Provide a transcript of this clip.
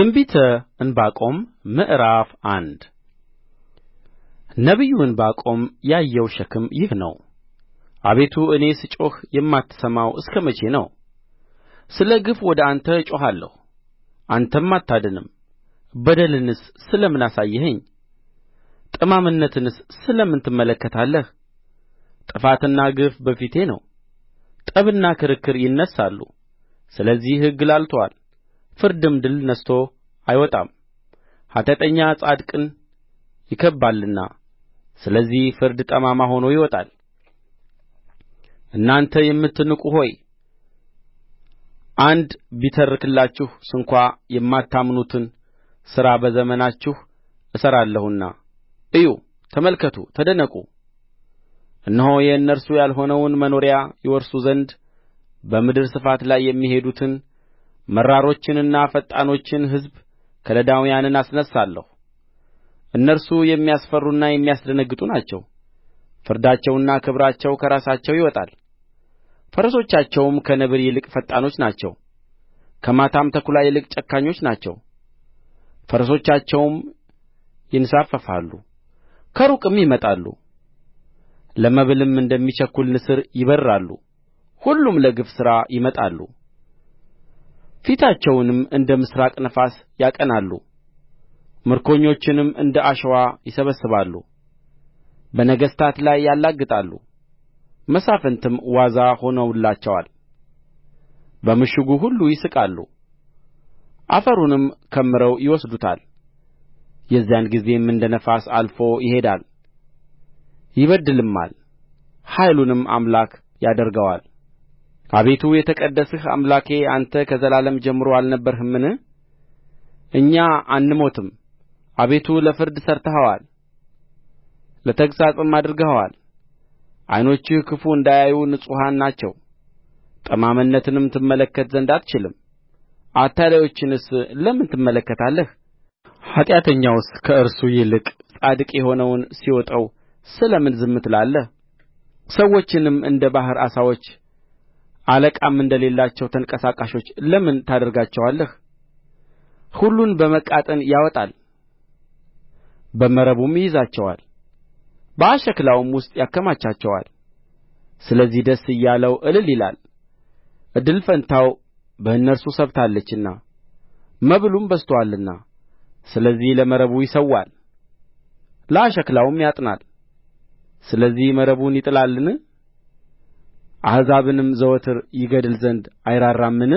ትንቢተ ዕንባቆም ምዕራፍ አንድ ነቢዩ ዕንባቆም ያየው ሸክም ይህ ነው አቤቱ እኔ ስጮኽ የማትሰማው እስከ መቼ ነው ስለ ግፍ ወደ አንተ እጮኻለሁ አንተም አታድንም በደልንስ ስለ ምን አሳየኸኝ ጠማምነትንስ ስለ ምን ትመለከታለህ ጥፋትና ግፍ በፊቴ ነው ጠብና ክርክር ይነሣሉ ስለዚህ ሕግ ላልቶአል ፍርድም ድል ነሥቶ አይወጣም ኃጢአተኛ ጻድቅን ይከብባልና ስለዚህ ፍርድ ጠማማ ሆኖ ይወጣል እናንተ የምትንቁ ሆይ አንድ ቢተርክላችሁ ስንኳ የማታምኑትን ሥራ በዘመናችሁ እሠራለሁና እዩ ተመልከቱ ተደነቁ እነሆ የእነርሱ ያልሆነውን መኖሪያ ይወርሱ ዘንድ በምድር ስፋት ላይ የሚሄዱትን መራሮችንና ፈጣኖችን ሕዝብ ከለዳውያንን አስነሣለሁ እነርሱ የሚያስፈሩና የሚያስደነግጡ ናቸው ፍርዳቸውና ክብራቸው ከራሳቸው ይወጣል ፈረሶቻቸውም ከነብር ይልቅ ፈጣኖች ናቸው ከማታም ተኵላ ይልቅ ጨካኞች ናቸው ፈረሶቻቸውም ይንሳፈፋሉ ከሩቅም ይመጣሉ ለመብልም እንደሚቸኵል ንስር ይበርራሉ ሁሉም ለግፍ ሥራ ይመጣሉ ፊታቸውንም እንደ ምሥራቅ ነፋስ ያቀናሉ ምርኮኞችንም እንደ አሸዋ ይሰበስባሉ በነገሥታት ላይ ያላግጣሉ መሳፍንትም ዋዛ ሆነውላቸዋል በምሽጉ ሁሉ ይስቃሉ አፈሩንም ከምረው ይወስዱታል የዚያን ጊዜም እንደ ነፋስ አልፎ ይሄዳል ይበድልማል ኃይሉንም አምላክ ያደርገዋል አቤቱ የተቀደስህ አምላኬ አንተ ከዘላለም ጀምሮ አልነበርህምን እኛ አንሞትም አቤቱ ለፍርድ ሠርተኸዋል ለተግሣጽም አድርገኸዋል ዓይኖችህ ክፉ እንዳያዩ ንጹሐን ናቸው ጠማምነትንም ትመለከት ዘንድ አትችልም አታላዮችንስ ለምን ትመለከታለህ ኃጢአተኛውስ ከእርሱ ይልቅ ጻድቅ የሆነውን ሲውጠው ስለ ምን ዝም ትላለህ ሰዎችንም እንደ ባሕር ዓሣዎች አለቃም እንደሌላቸው ተንቀሳቃሾች ለምን ታደርጋቸዋለህ ሁሉን በመቃጥን ያወጣል በመረቡም ይይዛቸዋል በአሽክላውም ውስጥ ያከማቻቸዋል ስለዚህ ደስ እያለው እልል ይላል እድል ፈንታው በእነርሱ ሰብታለችና መብሉም በዝቶአልና ስለዚህ ለመረቡ ይሠዋል ለአሽክላውም ያጥናል ስለዚህ መረቡን ይጥላልን አሕዛብንም ዘወትር ይገድል ዘንድ አይራራምን